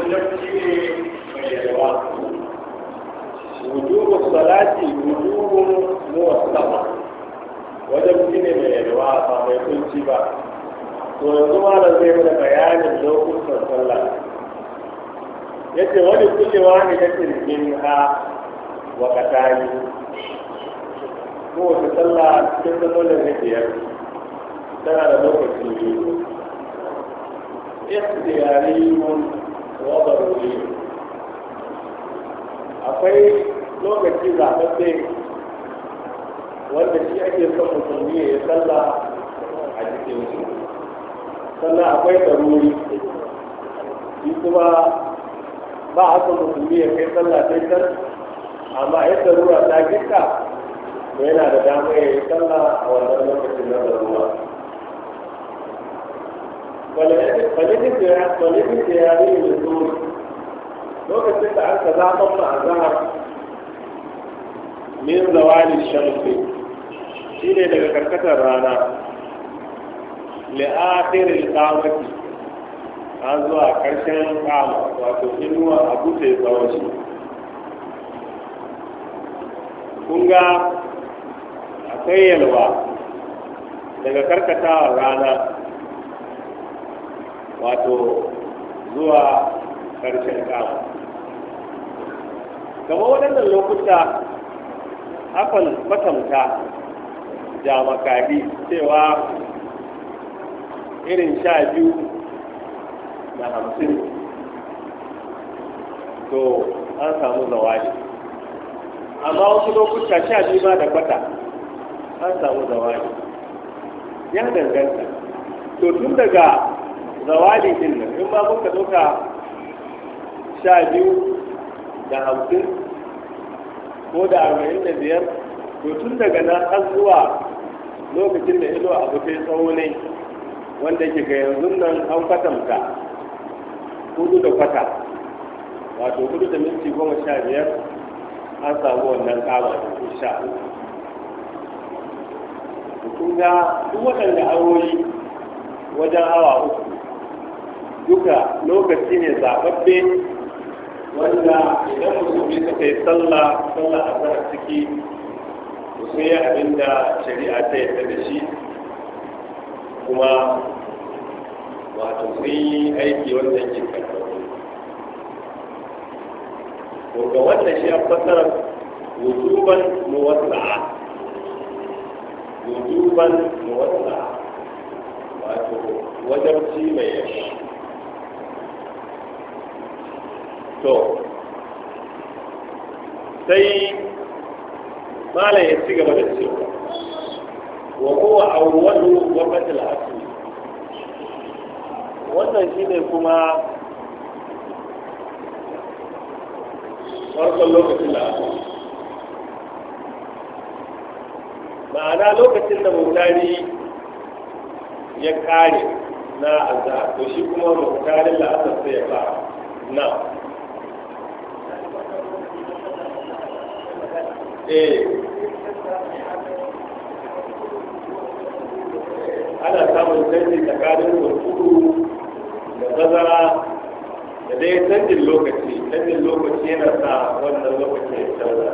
wajen ne mai yalwa wujubu salati wujubu muwassama wajen ne mai yalwa ba mai kunci ba to yanzu da zai mana bayanin lokutan sallah Ya ce wani kullewa ne ta kirkin ha wa katani kowace sallah cikin sallolin ne biyar tana da lokaci biyu ikhtiyariyun wa daruri akwai lokaci zaɓaɓɓe wanda shi ake son musulmi ya salla a cikin su sannan akwai ɗaruri shi kuma ba a son musulmi ya kai sallah sai can amma ya ɗarura ta gita yana da damar ya yi salla a wannan lokacin na ɗaruwa ولبس هذه الأسود لوكس أنت ذا تطلع زهر من زوال الشمس شيء لك كركة الرانا لآخر القامة an zuwa karshen kama wato inuwa a buɗe tsawon shi kun ga akwai yalwa daga karkatawa rana wato zuwa ƙarshen kawo kamar waɗannan lokuta akan matamta da makadi cewa irin sha biyu da hamsin to an samu zawali amma wasu lokuta sha biyu ma da kwata an samu zawali ya danganta to tun daga zawali din nan in ba muka ɗauka sha biyu da hamsin ko da arba'in da biyar to tun daga nan har zuwa lokacin da ido abu sai tsawo ne wanda ke ga yanzu nan an kwatanta hudu da kwata wato hudu da minti goma sha biyar an samu wannan kama da sha kun ga duk waɗanda awoyi wajen awa uku duka lokaci ne zababbe wanda idan musulmi suka yi sallah sallah a sarar ciki sun yi abin da shari'a ta yadda da shi kuma wato sun yi aiki wanda yake karɓar ko ga wannan shi an fassara wujuban muwassa'a wujuban muwassa'a wato wajabci mai yawa to sai malam ya ci gaba da cewa wa kowa huwa awwalu waqtil asr wannan shi ne kuma farkon lokacin da ma'ana lokacin da mutari ya kare na azhar to shi kuma mutarin la'asar sai ya fara na eh ana samun canji tsakanin wasu da tazara da dai canjin lokaci canjin lokaci yana sa wannan lokaci ya canza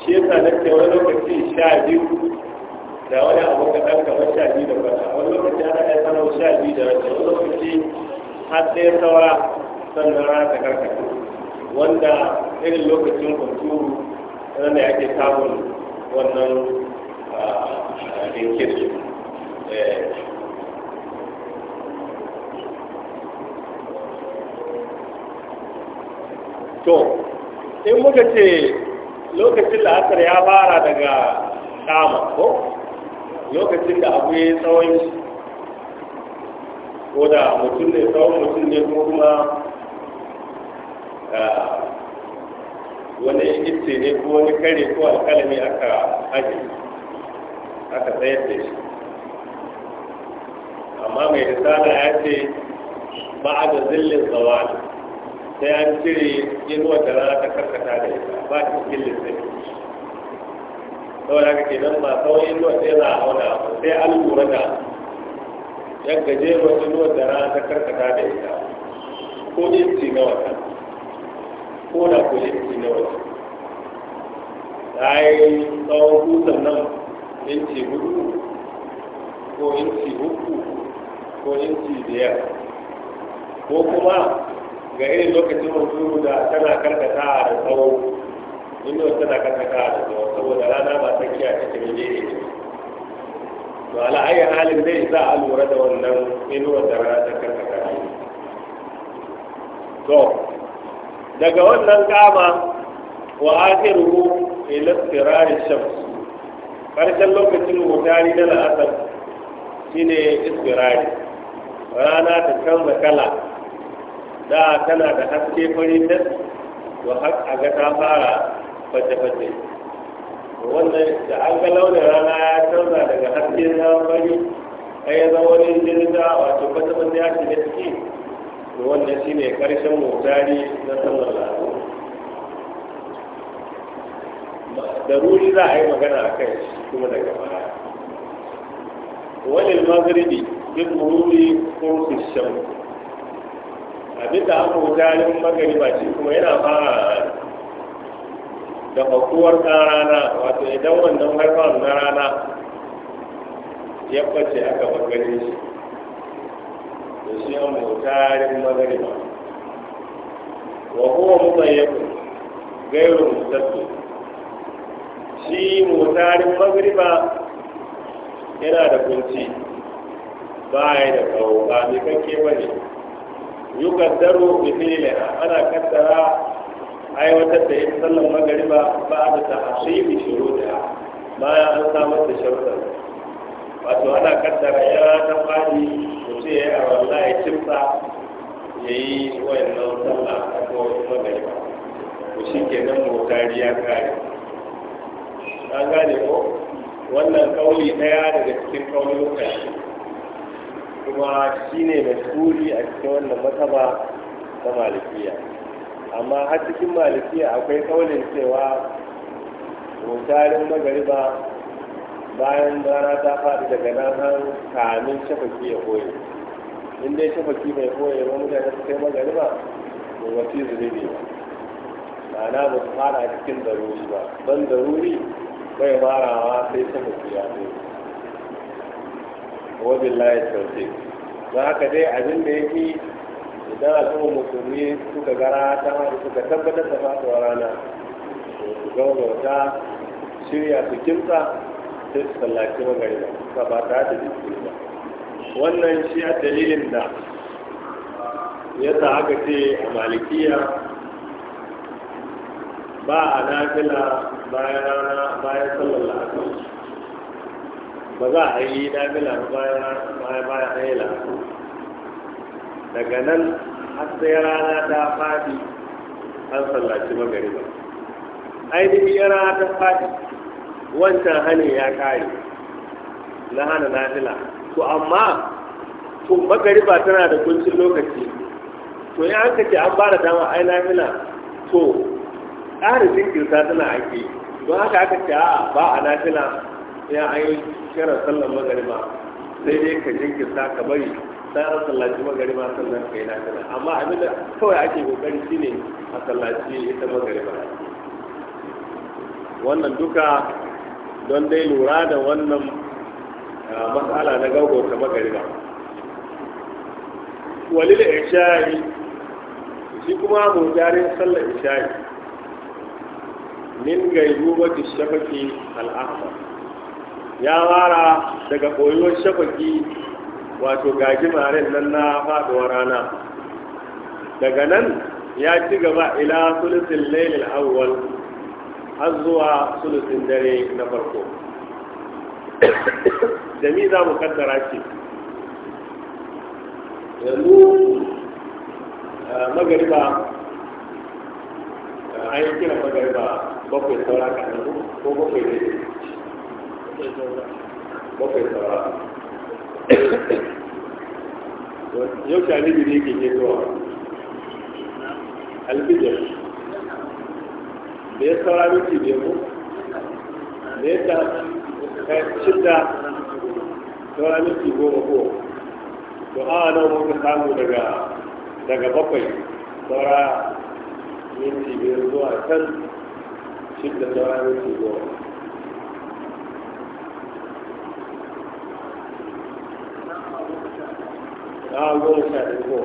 shi yasa na ce wani lokaci sha biyu da wani abu kaɗan kamar sha biyu da kwata wani lokaci ana ya samun sha biyu da rashin wani lokaci har sai saura sannan rana ta karkata wanda irin lokacin kwanturu wanda ya ake samun wannan rinkirki to in muka ce lokacin Asar ya fara daga dama ko lokacin da abu ya tsawon ko da mutum ne tsawon mutum ne kuma wani itse ne ko wani kare ko alkalami aka aji aka tsayar da shi amma mai risala ya ce ba a da zillin zawal sai an cire inuwa da rana ta karkata da ita ba ta zillin sai saboda haka kenan ba tsawon inuwa sai za a auna sai an lura da yan gajeruwar inuwa da rana ta karkata da ita ko inci na wata ko da ko inci na waje ta yi tsawon kusan nan inci hudu ko inci uku ko inci biyar ko kuma ga irin lokacin hunturu da tana karkata da tsawo inda tana karkata da tsawo saboda rana ba ta kiya ta kiri ne to ala ayi halin zai za a lura da wannan inuwar da rana ta karkata ne to daga wannan kama wa akhiruhu ila istirari shams karshen lokacin mutari da la'asar shine istirari rana ta canza kala da tana da haske fari ta wa har a ga ta fara fata-fata wannan da an ga launin rana ya canza daga haske na fari ai yi zama wani wato fata-fata ya shiga ciki da wannan shi ne karshen motari na saman lalu da ruri za a yi magana a kai kuma daga baya wani magribi bin ruri ko su shan abin da aka magani magariba shi kuma yana fara da fakuwar na rana wato idan wannan haifar na rana ya kwace aka magarin shi to shi an mutarin magariba wa huwa mutayyaku gairu mutattu shi mutarin yana da kunci ba ya da kawo ba mai kakke ba ne yukaddaro bi fi'liha ana kaddara aiwatar da yin sallan magariba ba da ta hashibi shuruda bayan an samar da sharuɗa wato ana kaddara ya ta fadi ce ya yi a wallahi ya yi wayannan a ko magariba ko shi ke nan motari ya kare an gane ko wannan kauli daya daga cikin kaulukan shi kuma shi ne mashuri a cikin wannan mataba ta malikiya amma har cikin malikiya akwai kaulin cewa motarin magariba bayan rana ta faɗi daga nan har kamin shafaki ya koye in dai shafaki mai koye ba mutane su kai ba to wasu zunubi ba ma'ana ba su fara cikin daruri ba ban daruri bai marawa sai shafaki ya koye wabin layar sauke don haka dai abin da ya fi idan al'ummar musulmi suka gara ta faɗi suka tabbatar da faɗuwar rana to su gaugauta shirya su kimsa sai su sallaci magariba ba ba ta da jiki ba wannan shi a dalilin da ya sa aka ce a malikiya ba a nafila bayan rana bayan sallar la'asar ba za a yi nafila bayan bayan an yi daga nan har sai rana ta fadi an sallaci magariba ainihin yana ta fadi wancan hane ya kare na hana nafila to amma to magariba tana da kuncin lokaci to ya an ce an bada dama ai nafila to ƙara jinkirta tana ake don haka aka ce a ba a nafila ya an yi kiran sallar magariba sai dai ka jinkirta ka bari sai an sallaci magariba sannan ka yi nafila amma abin da kawai ake kokari shine a sallaci ita magariba wannan duka don dai lura da wannan matsala na gaugauta magarina da ishari shi kuma mu jarin sallar ishari min gaibubati shafaki al'afa ya wara daga koyuwar shafaki wato gaji marin nan na faduwa rana daga nan ya ci gaba ila sulisin lailin awwal har zuwa sulusin dare na farko da mi za mu kaddara ce yanzu eh, magariba eh, an yi kira magariba bakwai saura kanan ko bakwai ne bakwai saura yau shani ne ke ke zuwa alfijar da ya saurari miki da mu da ya ta eh, shidda saura miki goma ko to a nan muka samu daga bakwai saura minti biyar zuwa can shidda saurari minti goma a goma sha ɗaya ko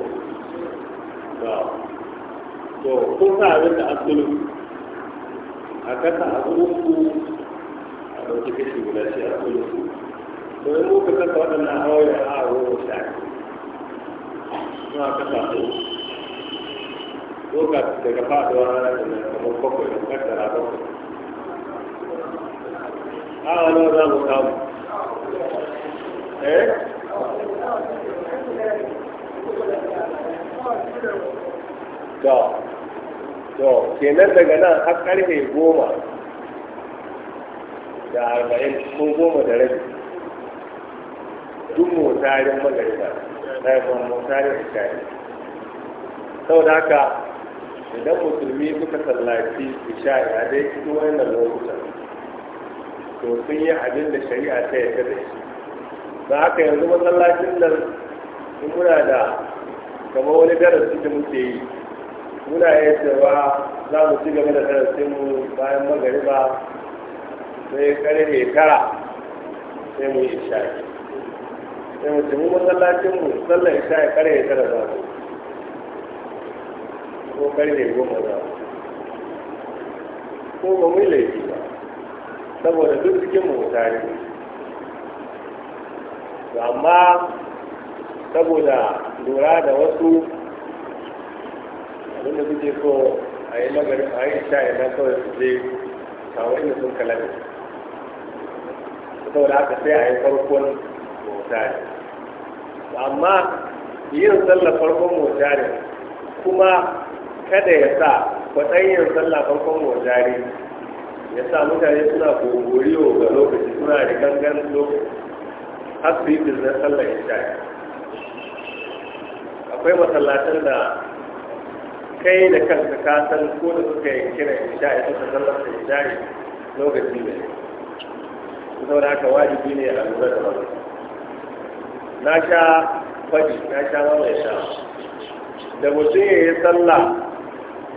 to kun sa abin da asulun a kasa abu uku a ɗauki kashi guda shi a kulu su to yi muka kasa waɗannan hawaye a roho sha suna kasa su doka daga faɗuwa rana da kamar bakwai da kasara bakwai a wani za mu samu eh to kenan daga nan har karfe goma da arba'in ko goma da rabi duk motarin magarita na yi kuma motarin ishari sau da haka idan musulmi suka tallafi, ishari a dai cikin wannan lokutan to sun yi abin da shari'a ta yi da shi Ba haka yanzu masallacin nan in muna da kamar wani darasi da muke yi muna yi cewa za mu ci gaba da mu bayan magariba sai karfe tara sai mu yi shayi sai mu cimu masallacinmu sallar isha'i karfe tara za mu ko karfe goma za mu ko ba mu laifi ba saboda duk cikin mu tare amma saboda lura da wasu abinda kuke ko a yi lagarin a yi sha yana kawai su je kawai da sun kalami saboda haka sai a yi farkon motari amma yin sallah farkon motari kuma kada ya sa yin sallah farkon motari ya sa mutane suna gogoriyo ga lokaci suna da gangan lokaci har su yi biznar sallah ya sha akwai masallatan da kai da kanka ka san ko da suka yi kira sha ya suka sallar da isha ya lokaci ne da haka wajibi ne a lura da wani na sha faɗi na sha mamaye sha da mutum ya yi sallah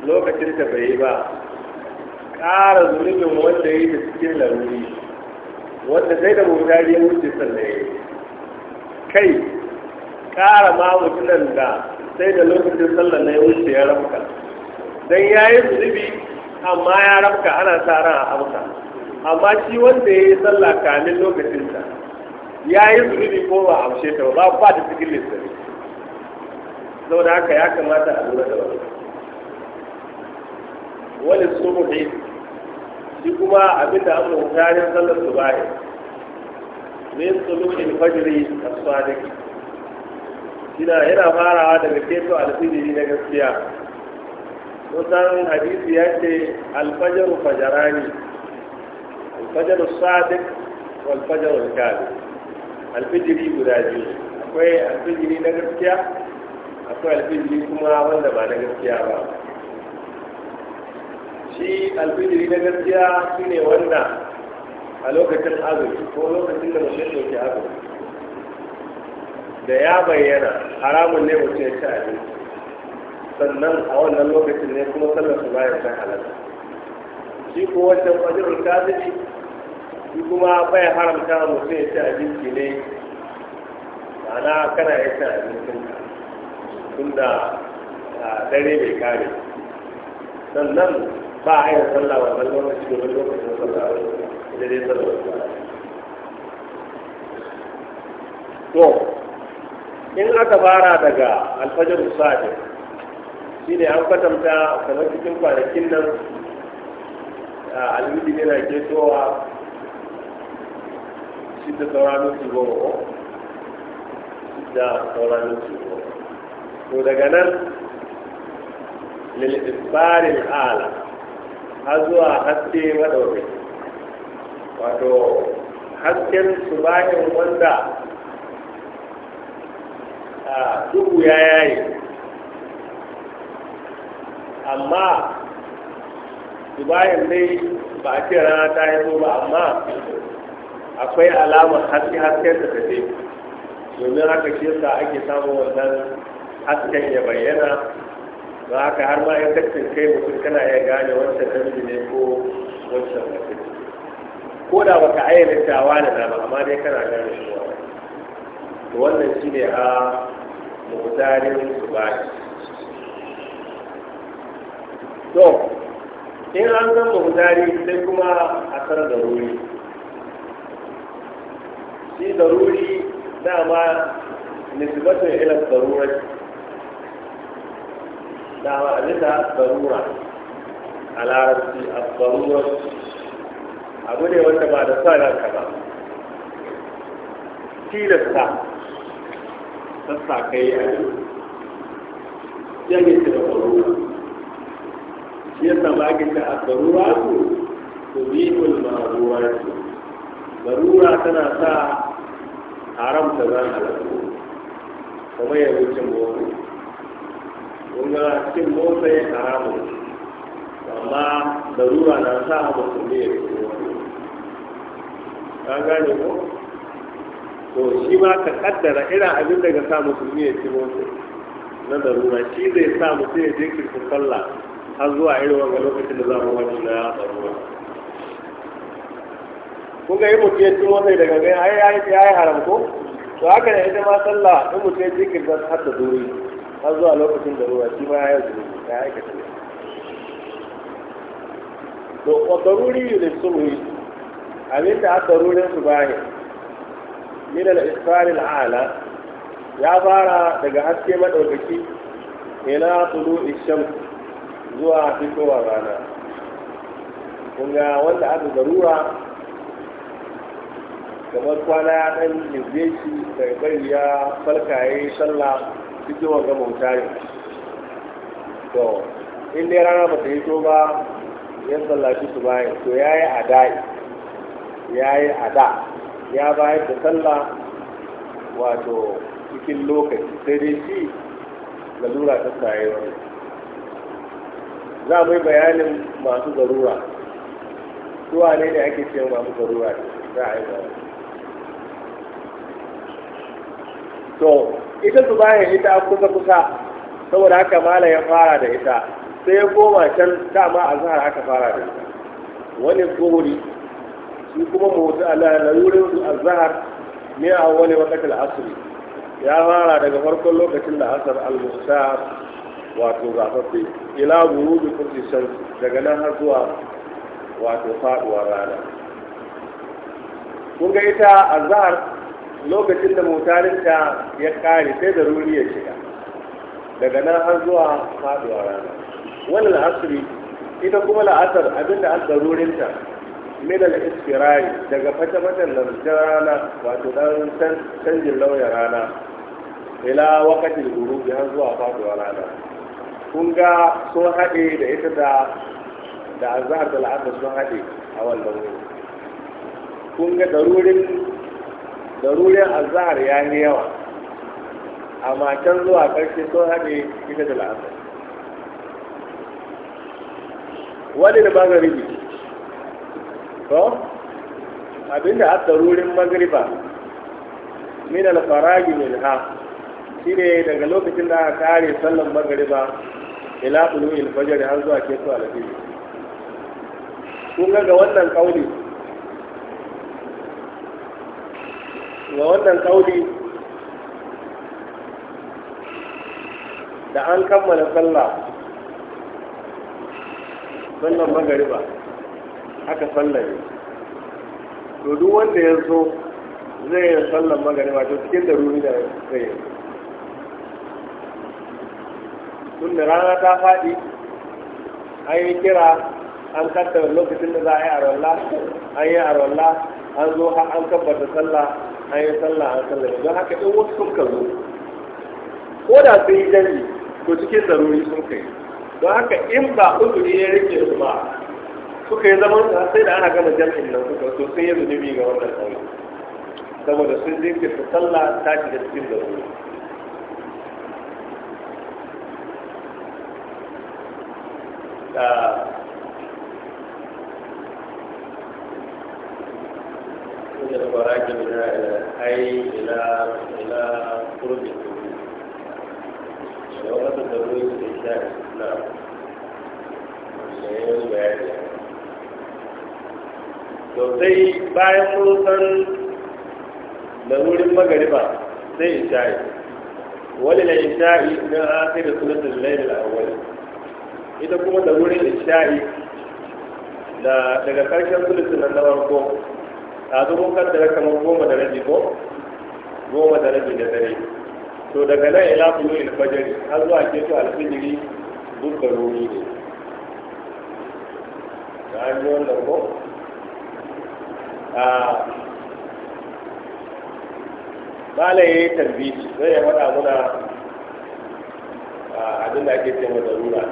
lokacin ta bai yi ba ƙara zunubin wanda ya yi da cikin laruri wanda sai da mutane ya wuce sallah ya kai ƙara ma mutunan da sai da lokacin sallar na ya wuce ya rafka don ya yi zunubi amma ya rafka ana sa ran a amsa amma shi wanda ya yi sallah kamin lokacinsa ya yi zunubi ko ba a wuce ta ba ba da cikin lissafi da haka ya kamata a lura da wani wani ne shi kuma abinda an mutarin sallar subahi min tsulubin fajiri a swadiki ina yana farawa daga keto alfijiri na gaskiya musan hadisi ya ce alfajaru fajarani alfajaru sadiq wal fajaru kadi alfijiri guda biyu akwai alfijiri na gaskiya akwai alfijiri kuma wanda ba na gaskiya ba shi alfijiri na gaskiya shine wanda a lokacin azumi ko lokacin da mutum yake azumi da ya bayyana haramun ne mutum ya ci abinci sannan a wannan lokacin ne kuma sallar su bayan sai halatta shi ko wancan fajirul kazini shi kuma bai haramta mutum ya ci abinci ne ma'ana kana ya ci abincin tunda dare bai kare sannan ba a yin sallah wannan lokaci domin lokacin sallah da dai sallah to in aka fara daga alfajar sa'ad shi ne an kwatanta kamar cikin kwanakin nan alwidi yana towa shi da sauranin su goma ko shi da sauranin su goma to daga nan lil'isbarin ala har zuwa haske madaukai wato hasken su bayan wanda a duhu ya yaye amma dubayin dai ba a ce rana ta yi ba amma akwai alamar haske hasken da tafi domin haka shi yasa ake samun wannan hasken ya bayyana ba haka har ma ya tattin kai mutum kana ya gane wancan namiji ne ko wancan mutum ko da baka ayyana tawa da na amma dai kana gane shi wannan shi ne a muzarin su ba to in an ga muzarin sai kuma a san da ruri shi da ruri dama nisbatun ila darura dama a bisa darura a larabci a darura abu ne wanda ba da sa ranka ba tilasta sassa kai a yi yake da ƙwarura shi yasa ba ki ta a ƙwarura su su bi kun ma'aruwa su ƙwarura tana sa haram ta zan halatta kuma ya wuce motsa kuma cin motsa ya haramun amma darura na sa mutum ne ya fi motsa ka gane ko to shi ma ka kaddara irin abin da ka sa musulmi ya ci musu na darura shi zai sa mutum ya je kirki sallah har zuwa irin wanga lokacin da za mu wani na darura kun ga yi mutum ya ci musu daga gani ai ya yi haram ko to haka ne ita ma sallah in mutum ya je kirki har da zuri har zuwa lokacin darura shi ma ya yi zuri ya aikata ne to ga daruri ne yi abin da aka rurin su bayan min al-isfar ala ya fara daga haske maɗaukaki, ila tulu isham zuwa fitowar rana kunga wanda aka garura kamar kwana ya dan jirge shi daga bari ya farka ya sallah fitowar ga bauta ne to in dai rana ba yi to ba ya sallaci su to ya yi adai ya ya bayar da sallah wato cikin lokaci sai dai shi lalura ta saye wani za mu yi bayanin masu garura zuwa ne da ake ce masu garura za a yi bayani to ita su bayan ita kusa kusa saboda haka mala ya fara da ita sai ya koma can dama a zahar aka fara da ita wani tsohuri Su kuma mawuta a na yurin azhar ne a wani wakatil asiri ya fara daga farkon lokacin da asar al musa wato zafafi ila gurubi kursi shan daga nan har zuwa wato faduwar rana kun ga ita azhar lokacin da mutarinta ya kare sai da ruri ya shiga daga nan har zuwa faduwar rana wani la'asiri, ita kuma la'asar abinda an darurinta min al-istirai daga fata-fatan da rana wato dan canjin lauya rana ila wakatil gurubi har zuwa faduwa rana kun ga sun haɗe da ita da da azhar da al'adar sun haɗe a wannan wuri kun ga darurin darurin azhar ya yi yawa amma can zuwa ƙarshe sun haɗe ita da al'adar wani da bagaribi ko abinda a rurin magriba min al-faraji min ha shine ne daga lokacin da aka kare sallan magriba ila tulu fajr har zuwa ke tsala alfiji kun ga wannan kauli ga wannan kauli da an kammala sallah sallan magariba aka sallame to duk wanda ya zo zai yi sallan magani wato cikin da ruri da zai yi tun da rana ta faɗi an yi kira an kanta lokacin da za a yi arwalla an yi arwalla an zo ha an da sallah an yi sallah an sallah don haka in wasu sun kazo, ko da sun yi jami to cikin ruri sun kai don haka in ba ne ya rike su ba suka yi zaman sai da ana gama jam'in nan suka so sun yi zunubi ga wannan kawai saboda sun jinkirta sallah ta shiga cikin da wuri ah. da sosai sai bayan mun san da wurin magariba sai in sha'i wani na in sha'i na da asirin sunatun da awwal ita kuma da wurin in sha'i da daga karshen sunatun nan na ko a zubin kaddara kamar goma da raji ko goma da raji da dare to daga nan ila bulu ilfajar har zuwa keto alfijiri duk da ruri ne ta hanyar wannan ko bala ya yi tarbici zai yi faɗa muna abin da ake cewa zarura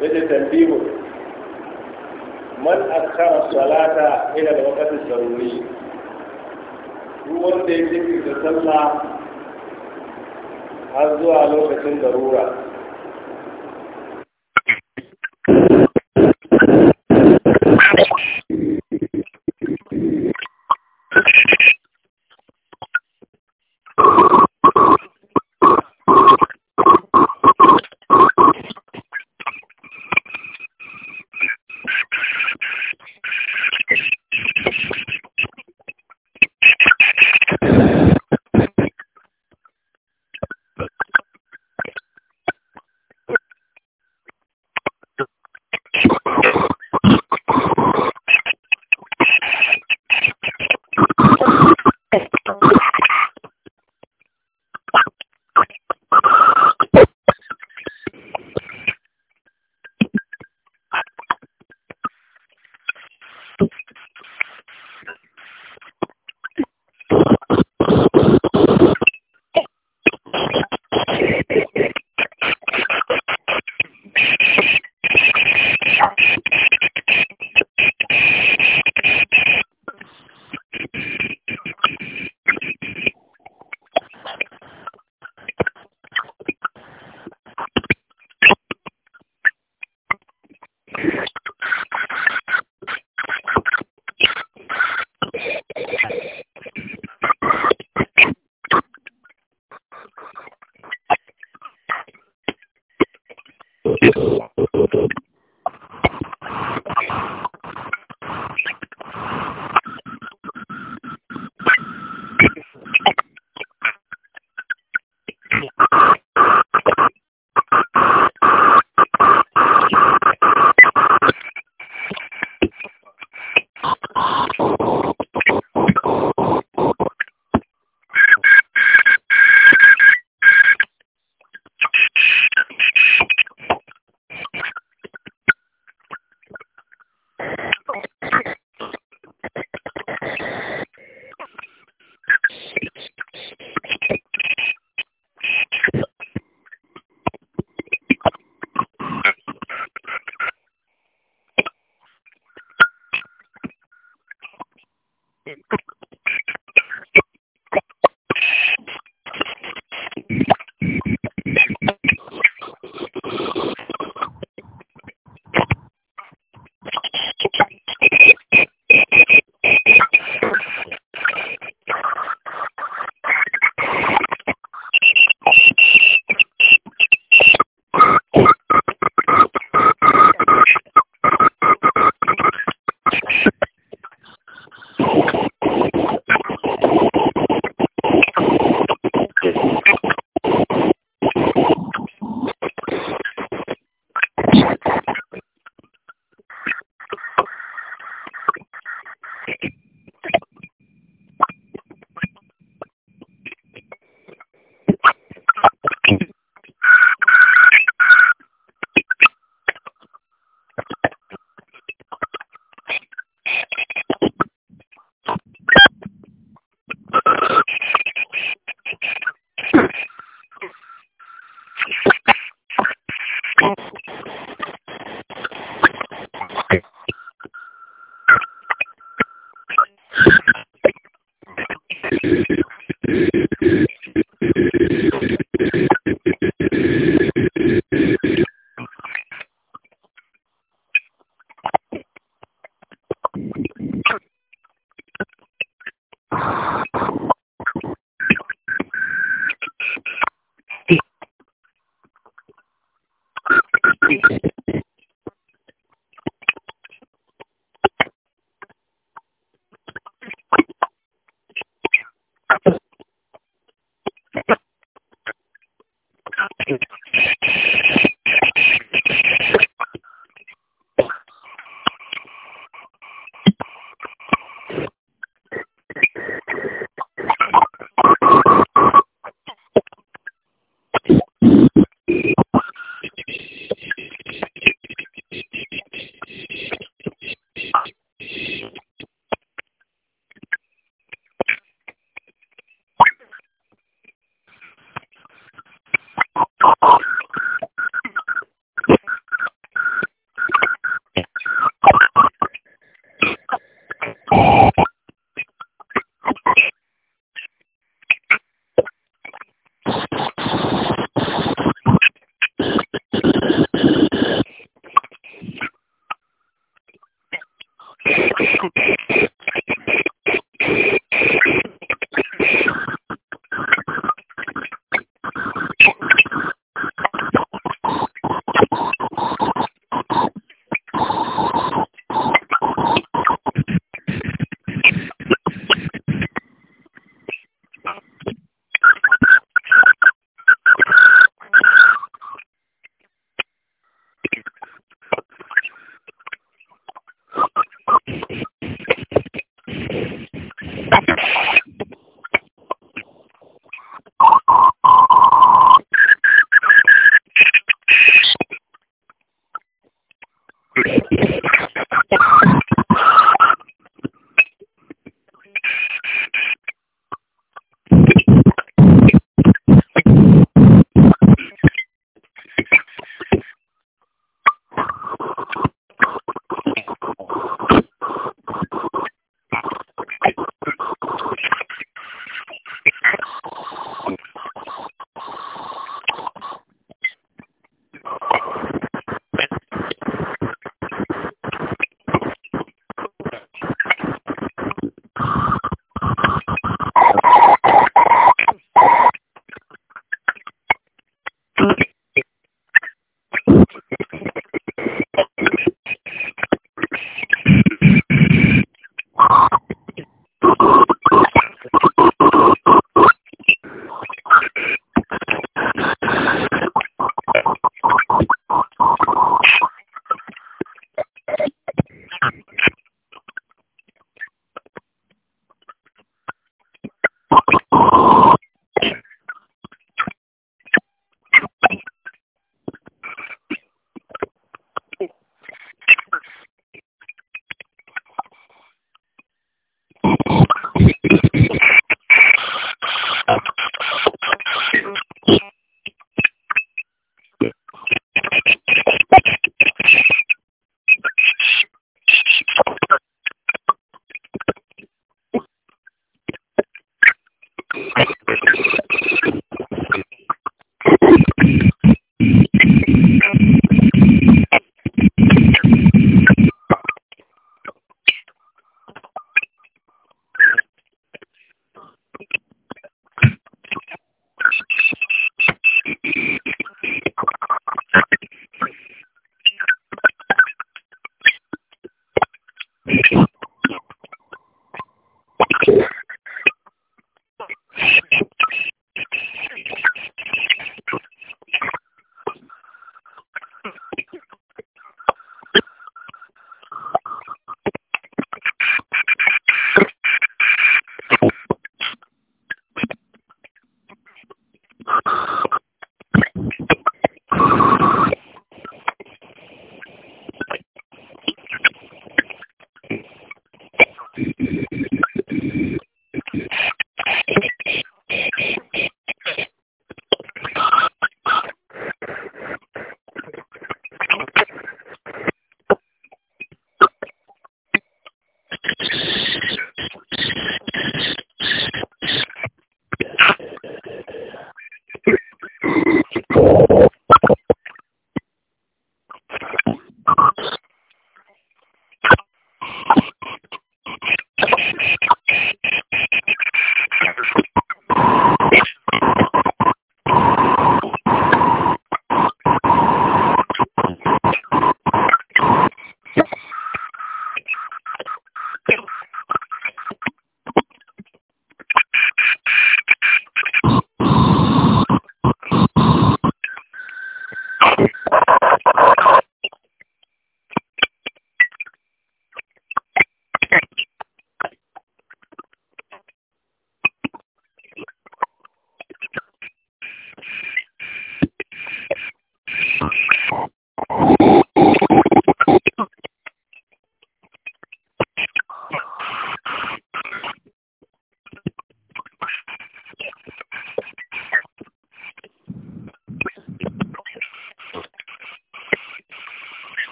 zai ce tambihu man askara salata ina da wakatin saruri ruwan wanda ya jikin da sallah har zuwa lokacin da zarura